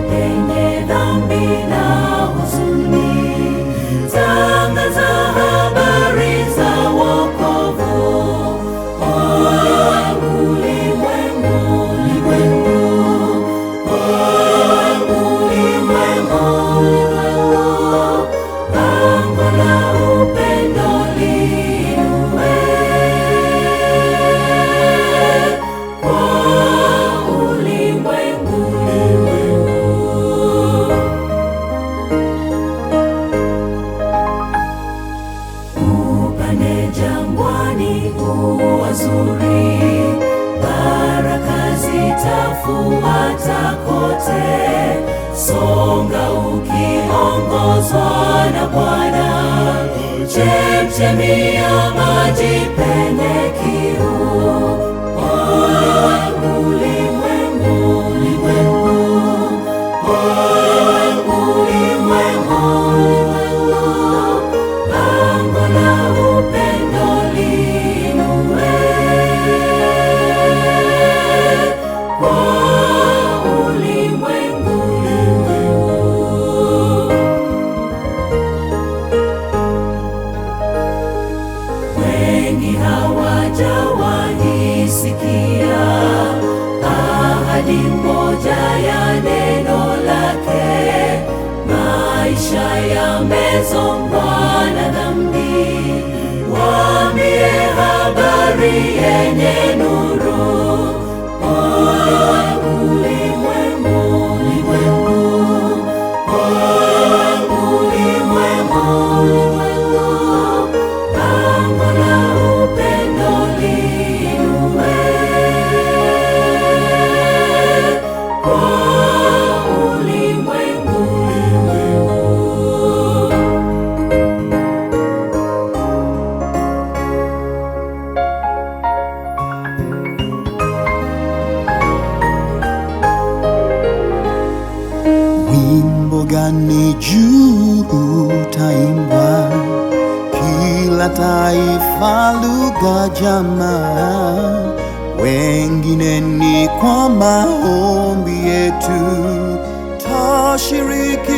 que tenha. Pande jangwani ua zuri, baraka zitafuata kote. Songa ukiongozwa na Bwana, chemchemi ya maji penye kiu. Ole ulimwengu, ulimwengu wengi hawajawahi sikia ahadi moja ya neno lake. Maisha yamezombwa na dhambi, waambie habari yenye Duniani juu utaimbwa, kila taifa, lugha, jamaa, wengine ni kwa maombi yetu tashiriki